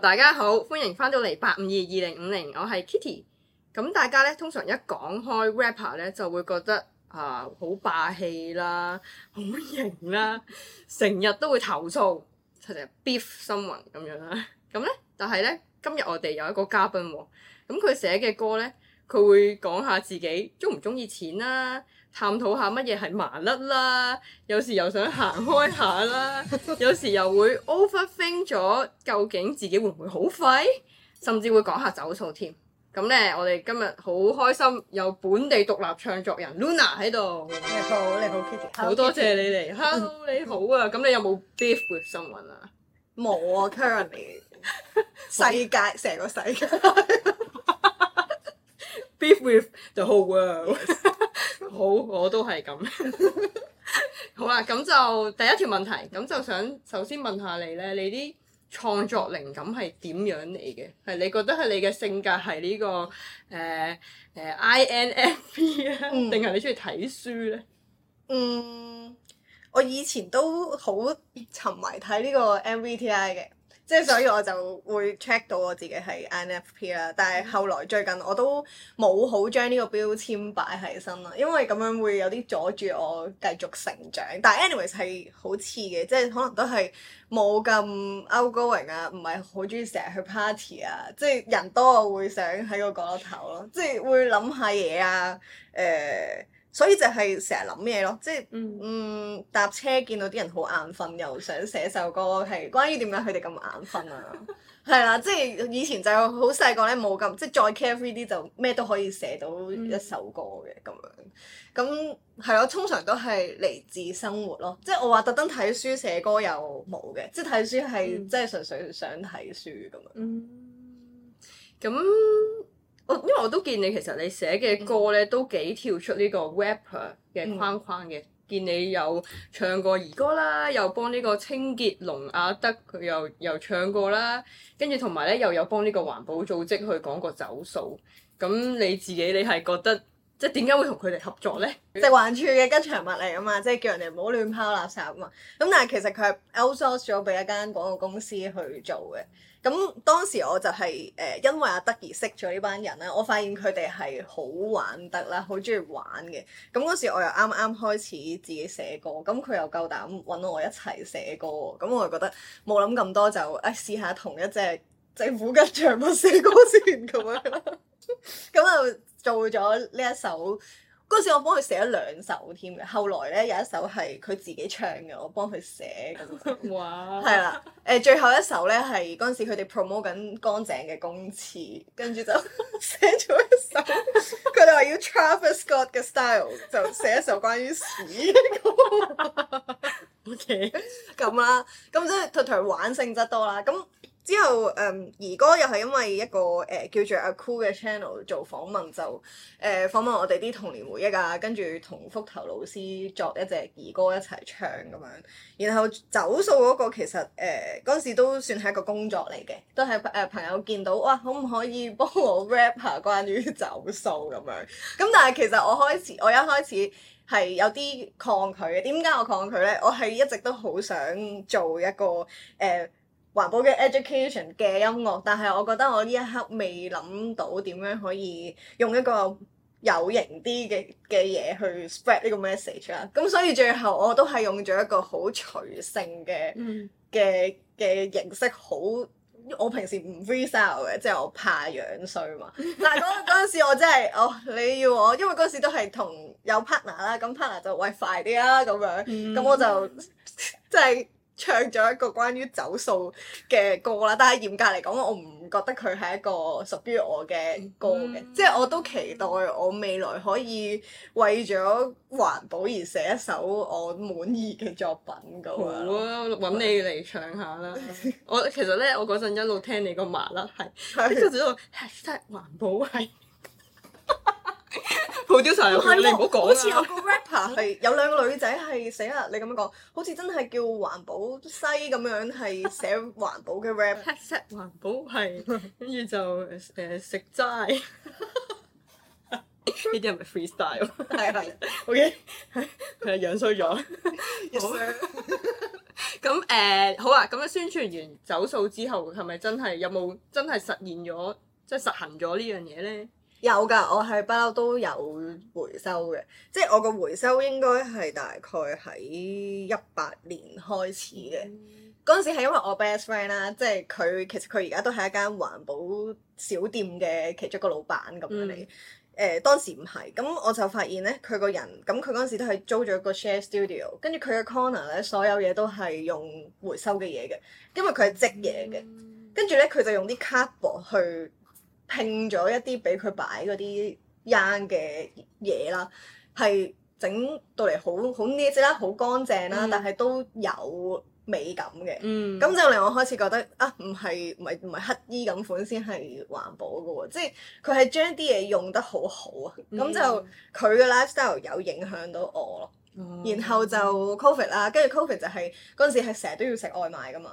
大家好，歡迎翻到嚟八五二二零五零，50, 我係 Kitty。咁大家咧，通常一講開 rapper 咧，就會覺得啊好、呃、霸氣啦，好型啦，成日 都會投訴，成日 beef 新聞咁樣啦。咁咧，但係咧今日我哋有一個嘉賓、哦，咁佢寫嘅歌咧，佢會講下自己鍾唔鍾意錢啦、啊。探討下乜嘢係麻甩啦，有時又想行開下啦， 有時又會 overthink 咗，究竟自己會唔會好廢，甚至會講下走數添。咁咧，呢我哋今日好開心有本地獨立唱作人 Luna 喺度。Hello, 你好，你好 Kitty。好多謝你嚟。Hello，你好啊！咁、嗯、你有冇 beef with someone 啊？冇啊，currently 世界成個世界。 Beef with the whole world。Yes. 好，我都係咁。 好啦，啊，咁就第一條問題，咁就想首先問下你咧，你啲創作靈感係點樣嚟嘅？係你覺得係你嘅性格係、這個呃呃、嗯，呢個誒誒 INFP 咧，定係你中意睇書咧？嗯，我以前都好沉迷睇呢個 MBTI 嘅。即係所以我就會 check 到我自己係 INFP 啦，但係後來最近我都冇好將呢個標籤擺喺身啦，因為咁樣會有啲阻住我繼續成長。但係 anyways 係好似嘅，即係可能都係冇咁 outgoing 啊，唔係好中意成日去 party 啊，即係人多我會想喺個角落頭咯，即係會諗下嘢啊，誒。所以就係成日諗咩咯，即係嗯搭車見到啲人好眼瞓，又想寫首歌，係關於點解佢哋咁眼瞓啊？係啦， 即係以前就好細個咧，冇咁即係再 carefree 啲，free 就咩都可以寫到一首歌嘅咁、嗯、樣。咁係咯，通常都係嚟自生活咯。即係我話特登睇書寫歌又冇嘅，即係睇書係即係純粹想睇書咁樣。咁、嗯。因為我都見你，其實你寫嘅歌咧都幾跳出呢個 rapper 嘅框框嘅，嗯、見你有唱過兒歌啦，又幫呢個清潔龍阿德佢又又唱過啦，跟住同埋咧又有幫呢個環保組織去講過走塑，咁你自己你係覺得？即係點解會同佢哋合作呢？即係環處嘅吉祥物嚟啊嘛，即係叫人哋唔好亂拋垃圾啊嘛。咁但係其實佢係 outsource 咗俾一間廣告公司去做嘅。咁當時我就係、是、誒、呃，因為阿德而識咗呢班人咧。我發現佢哋係好玩得啦，好中意玩嘅。咁嗰時我又啱啱開始自己寫歌，咁佢又夠膽揾我一齊寫歌。咁我就覺得冇諗咁多就，就、哎、誒試下同一隻政府吉祥物寫歌先。咁樣咁又～ 做咗呢一首嗰陣時我，我幫佢寫咗兩首添。後來咧有一首係佢自己唱嘅，我幫佢寫。哇！係啦， 誒、呃、最後一首咧係嗰陣時佢哋 promote 緊乾淨嘅公廁，跟住就 寫咗一首。佢哋話要 Travis Scott 嘅 style，就寫一首關於屎嘅歌。O K，咁啦，咁即係同佢玩性質多啦。咁。之後，嗯，兒歌又係因為一個誒、呃、叫做阿 Cool 嘅 channel 做訪問，就誒、呃、訪問我哋啲童年回憶啊，跟住同覆頭老師作一隻兒歌一齊唱咁樣。然後走數嗰個其實誒嗰陣時都算係一個工作嚟嘅，都係誒、呃、朋友見到哇，可唔可以幫我 rap 下關於走數咁樣？咁、嗯、但係其實我開始我一開始係有啲抗拒嘅。點解我抗拒呢？我係一直都好想做一個誒、呃環保嘅 education 嘅音樂，但係我覺得我呢一刻未諗到點樣可以用一個有型啲嘅嘅嘢去 spread 呢個 message 啦、啊。咁所以最後我都係用咗一個好隨性嘅嘅嘅形式。好，我平時唔 freestyle 嘅，即、就、係、是、我怕樣衰嘛。 但係嗰嗰時我真係我、哦、你要我，因為嗰陣時都係同有 partner 啦 part，咁 partner 就喂快啲啦，咁樣，咁、嗯、我就即係。就是唱咗一個關於走數嘅歌啦，但係嚴格嚟講，我唔覺得佢係一個屬於我嘅歌嘅，mm hmm. 即係我都期待我未來可以為咗環保而寫一首我滿意嘅作品噶。好啊，我揾你嚟唱下啦！我， 我其實咧，我嗰陣一路聽你個麻甩，係一路 hit set 環保係。哦哦，你唔好講啦， 有個 rapper 係有兩個女仔係寫啦，你咁樣講，好似真係叫環保西咁樣寫環，係寫環保嘅 rap。set 環保係，跟住就誒食齋。呢啲係咪 freestyle？係啊壞。O K，佢又樣衰咗。好。咁誒，好啊！咁樣宣傳完，完走塑之後，係咪真係有冇真係實現咗，即、就、係、是、實行咗呢樣嘢咧？有噶，我係不嬲都有回收嘅，即係我個回收應該係大概喺一八年開始嘅。嗰陣、嗯、時係因為我 best friend 啦，即係佢其實佢而家都係一間環保小店嘅其中一個老闆咁樣嚟。誒、嗯呃、當時唔係，咁我就發現咧，佢個人咁佢嗰陣時都係租咗個 share studio，跟住佢嘅 corner 咧，所有嘢都係用回收嘅嘢嘅，因為佢係積嘢嘅。跟住咧，佢就用啲 cardboard 去拼咗一啲俾佢擺嗰啲 Yarn 嘅嘢啦，係整到嚟好好呢隻啦，好乾淨啦，嗯、但係都有美感嘅。咁、嗯、就令我開始覺得啊，唔係唔係唔係乞衣咁款先係環保噶喎，即係佢係將啲嘢用得好好啊。咁、嗯、就佢嘅 lifestyle 有影響到我咯。嗯、然後就 Covid 啦，跟住 Covid 就係嗰陣時係成日都要食外賣噶嘛。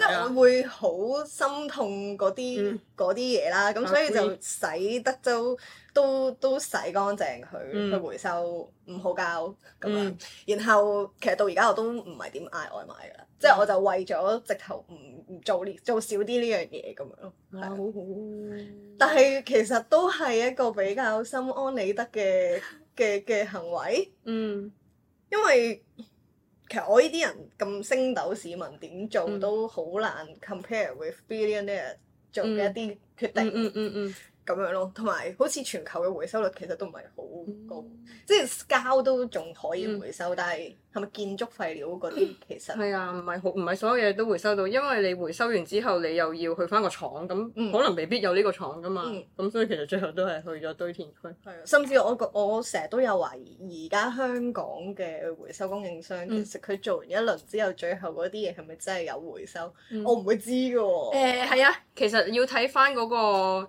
即係我會好心痛嗰啲啲嘢啦，咁、嗯、所以就洗得就都都都洗乾淨佢，佢、嗯、回收唔好交咁、嗯、樣。然後其實到而家我都唔係點嗌外賣㗎啦，嗯、即係我就為咗直頭唔唔做呢做少啲呢樣嘢咁樣。係，啊、好好但係其實都係一個比較心安理得嘅嘅嘅行為。嗯，因為。其實我呢啲人咁升斗市民，點做都好難 compare with billionaire 做嘅一啲決定。嗯嗯嗯嗯嗯咁樣咯，同埋好似全球嘅回收率其實都唔係好高，嗯、即係膠都仲可以回收，嗯、但係係咪建築廢料嗰啲其實係、嗯、啊，唔係好唔係所有嘢都回收到，因為你回收完之後，你又要去返個廠，咁可能未必有呢個廠㗎嘛，咁、嗯、所以其實最後都係去咗堆填區。係啊、嗯，嗯、甚至我我成日都有懷疑，而家香港嘅回收供應商，嗯、其實佢做完一輪之後，最後嗰啲嘢係咪真係有回收？嗯、我唔會知㗎喎。誒係啊，其實要睇返嗰個。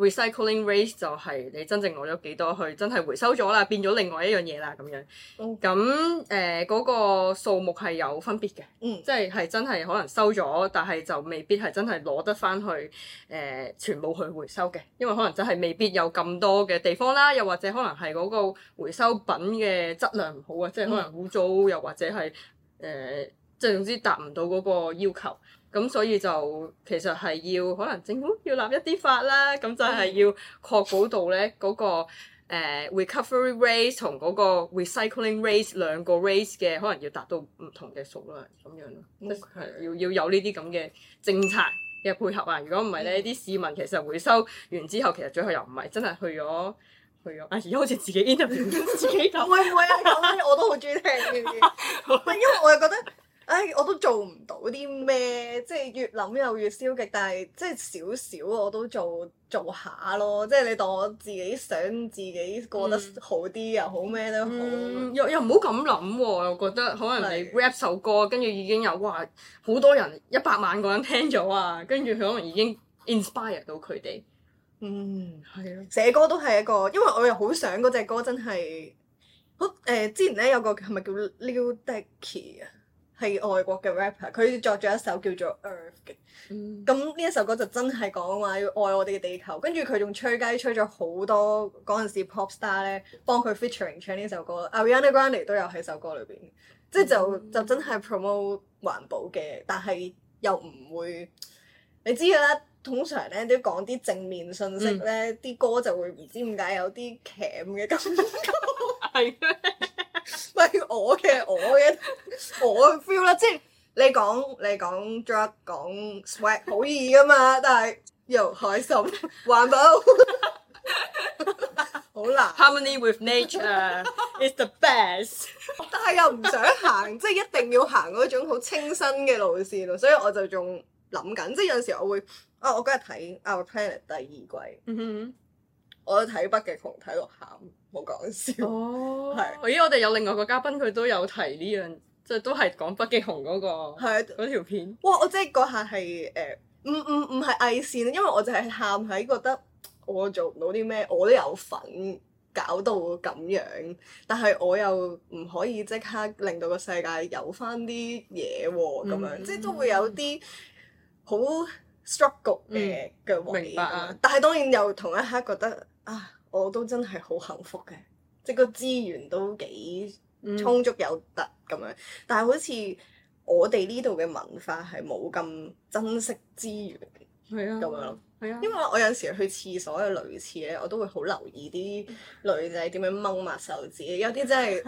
recycling rate 就係你真正攞咗幾多去真係回收咗啦，變咗另外一樣嘢啦咁樣。咁誒嗰個數目係有分別嘅，嗯、即係係真係可能收咗，但係就未必係真係攞得翻去誒、呃、全部去回收嘅，因為可能真係未必有咁多嘅地方啦，又或者可能係嗰個回收品嘅質量唔好啊，即係可能污糟，嗯、又或者係誒即係總之達唔到嗰個要求。咁、嗯、所以就其實係要可能政府、哦、要立一啲法啦，咁就係要確保到咧、那、嗰個 recovery rate 同嗰個 recycling rate 兩個 rate 嘅可能要達到唔同嘅數量。咁樣咯，係 Okay. 要要有呢啲咁嘅政策嘅配合啊！如果唔係咧，啲市民其實回收完之後，其實最後又唔係真係去咗去咗，而家、啊、好似自己 interview, 自己講啊，講我都好中意聽，聽，聽，聽，聽 因為我又覺得。唉，我都做唔到啲咩，即係越諗又越消極。但係即係少少，我都做做下咯。即係你當我自己想自己過得好啲又、嗯、好咩都好。又又唔好咁諗喎，又、又、哦、我覺得可能你 rap 首歌，跟住已經有哇好多人一百萬個人聽咗啊，跟住佢可能已經 inspire 到佢哋。嗯，係啊。寫歌都係一個，因為我又好想嗰隻歌真係好誒。之前咧有個係咪叫 Lil Dicky 啊？係外國嘅 rapper，佢作咗一首叫做、e《Earth》嘅，咁呢一首歌就真係講話要愛我哋嘅地球。跟住佢仲吹雞吹咗好多嗰陣時 pop star 咧，幫佢 featuring 唱呢首歌。Ariana Grande 都有喺首歌裏邊，即係就就真係 promote 環保嘅，但係又唔會你知啦。通常咧都要講啲正面信息咧，啲、嗯、歌就會唔知點解有啲 kam 嘅感覺，係 唔係我嘅我嘅我 feel 啦，即係你講你講 drug 講 swag 好易噶嘛，但係又 you know, 開心環保好 難 harmony with nature is the best， 但係又唔想行，即係一定要行嗰種好清新嘅路線咯，所以我就仲諗緊，即係有陣時我會啊，我今日睇 our planet 第二季，mm hmm. 我睇北極熊睇到喊。冇講笑哦，係，咦！我哋有另外個嘉賓，佢都有提呢樣，即係都係講北極熊嗰個，係嗰條片。哇！我即係嗰下係誒，唔唔唔係偽善，因為我就係喊喺覺得我做唔到啲咩，我都有份搞到咁樣，但係我又唔可以即刻令到個世界有翻啲嘢喎，咁樣即係都會有啲好 struggle 嘅嘅。明白啊！但係當然又同一刻覺得啊～我都真係好幸福嘅，即個資源都幾充足，有得咁樣。嗯、但係好似我哋呢度嘅文化係冇咁珍惜資源，係啊咁樣。係啊， 因為我有時去廁所嘅類似咧，我都會好留意啲女仔點樣掹抹手紙，有啲真係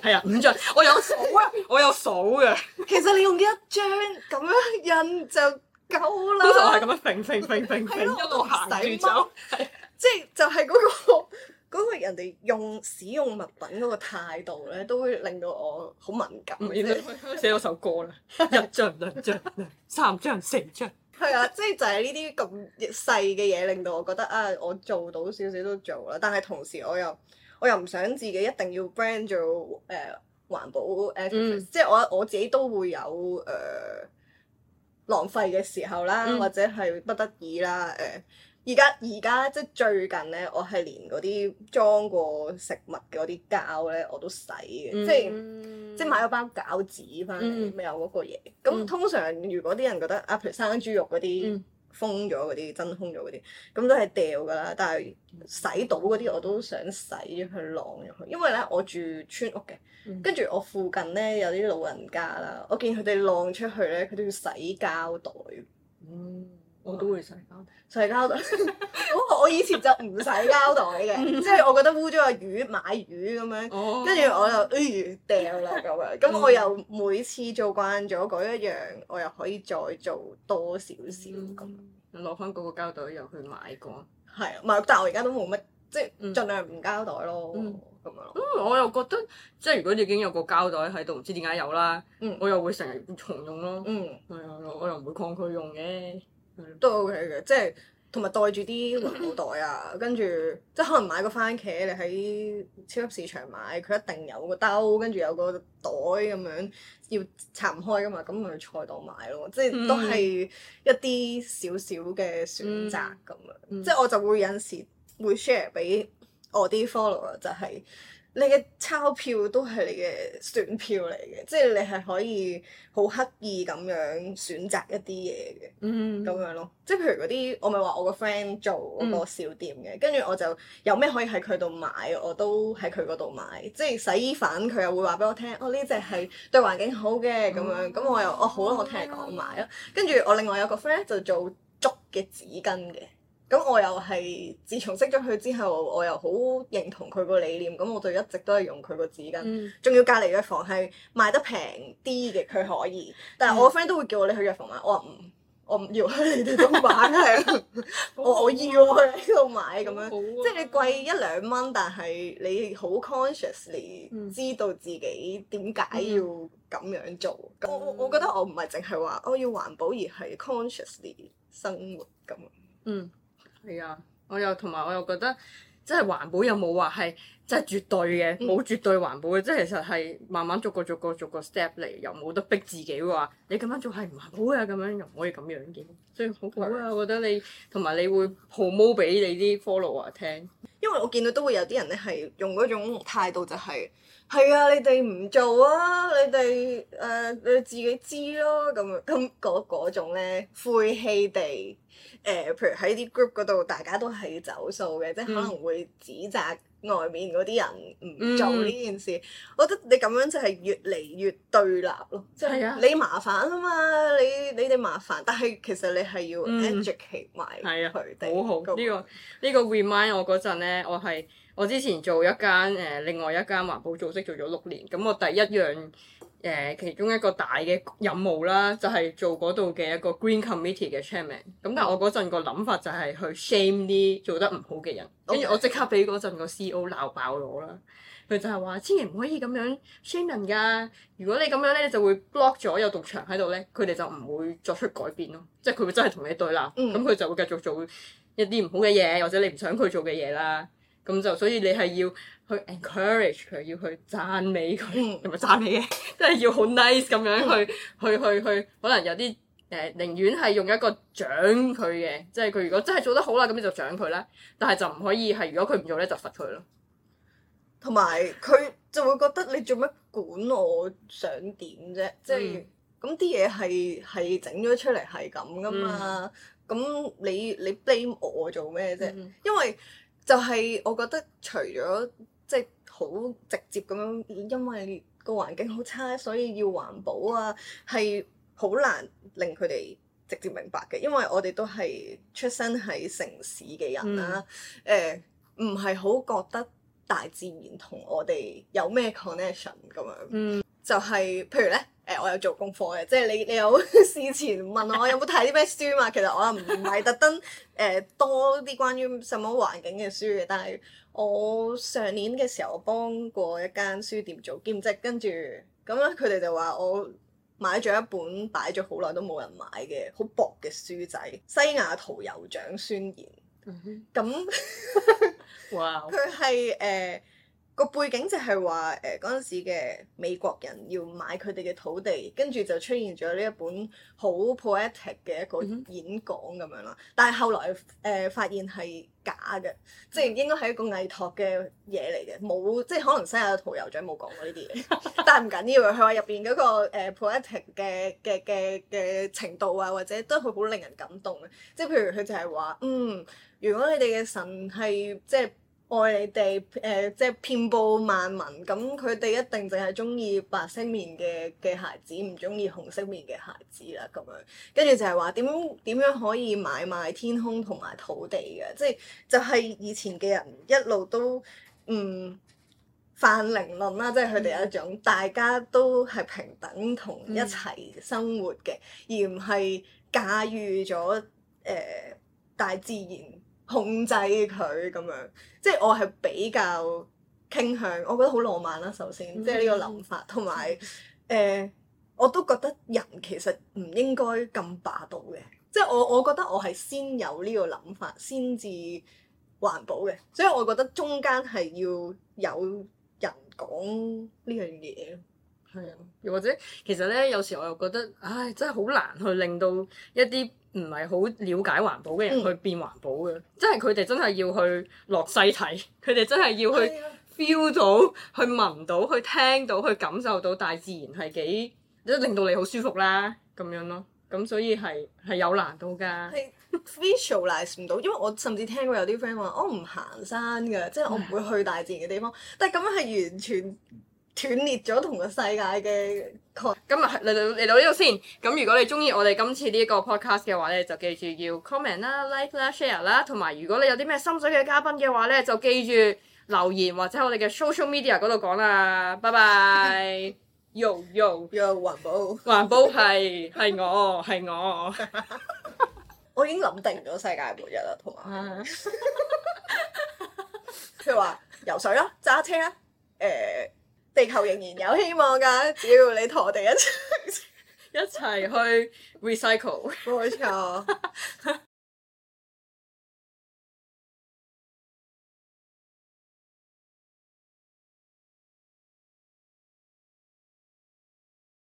係啊五張，我有數啊，我有數嘅。其實你用一張咁樣印就夠啦。通常我係咁樣揈揈揈揈揈，一路行住走。即係就係嗰個嗰個人哋用使用物品嗰個態度咧，都會令到我好敏感而。而家寫咗首歌啦， 一張兩張 三張四張。係啊，即係就係呢啲咁細嘅嘢，令到我覺得啊，我做到少少都做啦。但係同時我，我又我又唔想自己一定要 brand 做誒、呃、環保誒、嗯。即係我我自己都會有誒、呃、浪費嘅時候啦，或者係不得已啦誒。呃而家而家即係最近咧，我係連嗰啲裝過食物嗰啲膠咧，我都洗嘅，嗯、即係即係買個包餃子返嚟，咪、嗯、有嗰個嘢。咁通常如果啲人覺得啊，譬如生豬肉嗰啲、嗯、封咗嗰啲真空咗嗰啲，咁都係掉噶啦。但係洗到嗰啲我都想洗咗佢晾咗佢，因為咧我住村屋嘅，跟住我附近咧有啲老人家啦，我見佢哋晾出去咧，佢都要洗膠袋。嗯。我都會洗膠袋，洗膠袋。我以前就唔使膠袋嘅，即係我覺得污咗個魚買魚咁樣，跟住我又，哎掉落咁樣。咁我又每次做慣咗嗰一樣，我又可以再做多少少咁。攞翻嗰個膠袋又去買過。係，唔係？但係我而家都冇乜，即係儘量唔膠袋咯，咁樣。咁我又覺得，即係如果你已經有個膠袋喺度，唔知點解有啦，我又會成日重用咯。嗯，係啊，我又唔會抗拒用嘅。嗯、都 OK 嘅，即係同埋袋住啲環保袋啊，跟住即係可能買個番茄，你喺超級市場買，佢一定有個兜，跟住有個袋咁樣要拆唔開噶嘛，咁咪去菜檔買咯，即係都係一啲小小嘅選擇咁樣，嗯嗯、即係我就會有陣時會 share 俾我啲 follower 就係、是。你嘅鈔票都係你嘅選票嚟嘅，即係你係可以好刻意咁樣選擇一啲嘢嘅，咁、嗯、樣咯。即係譬如嗰啲，我咪話我個 friend 做個小店嘅，跟住、嗯、我就有咩可以喺佢度買，我都喺佢嗰度買。即係洗衣粉，佢又會話俾我聽，哦，呢隻係對環境好嘅，咁樣咁、啊、我又，哦，好啦，我聽講買啦。跟住、啊、我另外有個 friend 就做竹嘅紙巾嘅。咁我又係自從識咗佢之後，我又好認同佢個理念，咁我就一直都係用佢個紙巾。仲、嗯、要隔離藥房係賣得平啲嘅，佢可以。但係我 friend 都會叫我你去藥房買，我話唔，我唔要。 你哋都買係， 我我要去呢度買咁樣， 嗯、即係你貴一兩蚊，但係你好 consciously 知道自己點解要咁樣做。嗯、我我我覺得我唔係淨係話我要環保，而係 consciously 生活咁。嗯。係啊，我又同埋我又覺得，即係環保又冇話係即係絕對嘅，冇絕對環保嘅，即係其實係慢慢逐個逐個逐個 step 嚟，又冇得逼自己話你咁樣做係唔環保啊，咁樣又唔可以咁樣嘅，所以好好啊，我覺得你同埋你會 promote 俾你啲 follower 聽，因為我見到都會有啲人咧係用嗰種態度就係。係啊，你哋唔做啊，你哋誒、呃、你自己知咯咁咁嗰種咧，晦氣地誒、呃，譬如喺啲 group 嗰度，大家都係走數嘅，即係可能會指責外面嗰啲人唔做呢件事。嗯、我覺得你咁樣就係越嚟越對立咯，即係、嗯、你麻煩啊嘛，你你哋麻煩，但係其實你係要 encourage 埋佢哋。嗯啊嗰個、好好呢、呢個呢、呢個 remind 我嗰陣咧，我係。我之前做一間誒、呃，另外一間環保組織做咗六年，咁我第一樣誒、呃，其中一個大嘅任務啦，就係、是、做嗰度嘅一個 Green Committee 嘅 Chairman。咁但係我嗰陣個諗法就係去 shame 啲做得唔好嘅人，跟住我即刻俾嗰陣個 CEO 鬧爆我啦。佢就係話：千祈唔可以咁樣 shame 人㗎。如果你咁樣咧，你就會 block 咗有獨場喺度咧，佢哋就唔會作出改變咯。即係佢會真係同你對立，咁佢、嗯、就會繼續做一啲唔好嘅嘢，或者你唔想佢做嘅嘢啦。咁就所以你係要去 encourage 佢，要去讚美佢，同埋、嗯、讚美嘅，即係要好 nice 咁樣去、嗯、去去去，可能有啲誒、呃，寧願係用一個獎佢嘅，即係佢如果真係做得好啦，咁你就獎佢啦。但係就唔可以係如果佢唔做咧，就罰佢咯。同埋佢就會覺得你做乜管我想點啫？即係咁啲嘢係係整咗出嚟係咁噶嘛？咁、嗯、你你 blame 我做咩啫？因為就係我覺得除，除咗即係好直接咁樣，因為個環境好差，所以要環保啊，係好難令佢哋直接明白嘅。因為我哋都係出生喺城市嘅人啦，誒唔係好覺得大自然同我哋有咩 connection 咁樣。嗯就係、是，譬如咧，誒、呃，我有做功課嘅，即係你，你有事前問我有冇睇啲咩書嘛？ 其實我又唔係特登誒多啲關於什麼環境嘅書嘅，但係我上年嘅時候，我幫過一間書店做兼職，跟住咁樣佢哋就話我買咗一本擺咗好耐都冇人買嘅好薄嘅書仔《西雅圖酋長宣言》。咁，哇！佢係誒。個背景就係話誒嗰陣時嘅美國人要買佢哋嘅土地，跟住就出現咗呢一本好 poetic 嘅一個演講咁樣啦。但係後來誒、呃、發現係假嘅，即係應該係一個偽託嘅嘢嚟嘅，冇即係可能西雅圖嘅酋長冇講過呢啲嘢，但係唔緊要。佢話入邊嗰個、呃、poetic 嘅嘅嘅嘅程度啊，或者都係好令人感動嘅。即係譬如佢就係話，嗯，如果你哋嘅神係即係。愛你哋誒、呃，即係遍佈萬民咁，佢哋一定淨係中意白色面嘅嘅孩子，唔中意紅色面嘅孩子啦。咁樣跟住就係話點點樣可以買賣天空同埋土地嘅，即係就係以前嘅人一路都唔泛靈論啦，即係佢哋有一種、嗯、大家都係平等同一齊生活嘅，嗯、而唔係駕馭咗誒、呃、大自然。控制佢咁樣，即係我係比較傾向，我覺得好浪漫啦。 首先，即係呢個諗法，同埋誒，我都覺得人其實唔應該咁霸道嘅。即係我，我覺得我係先有呢個諗法，先至環保嘅。所以，我覺得中間係要有人講呢樣嘢。係啊，又或者其實咧，有時我又覺得，唉，真係好難去令到一啲唔係好了解環保嘅人、嗯、去變環保嘅，即係佢哋真係要去落西睇，佢哋真係要去 feel 到，是的 到、去聞到、去聽到、去感受到大自然係幾即令到你好舒服啦咁樣咯，咁所以係係有難度㗎是。 visualize 唔到，因為我甚至聽過有啲 friend 話我唔行山㗎，即係我唔會去大自然嘅地方，是的 但係咁樣係完全。斷裂咗同個世界嘅 connection。今日嚟到嚟到呢度先。咁如果你中意我哋今次呢一個 podcast 嘅話咧，你就記住要 comment 啦、like 啦、share 啦，同埋如果你有啲咩心水嘅嘉賓嘅話咧，就記住留言或者我哋嘅 social media 嗰度講啦。拜拜。Yo yo yo，環保。環保係係我係我。我， 我已經諗定咗世界末日啦，同埋。譬如話游水咯、揸車啦！呃，誒。地球仍然有希望㗎，只要你同我哋一齊一齊去 recycle，冇錯。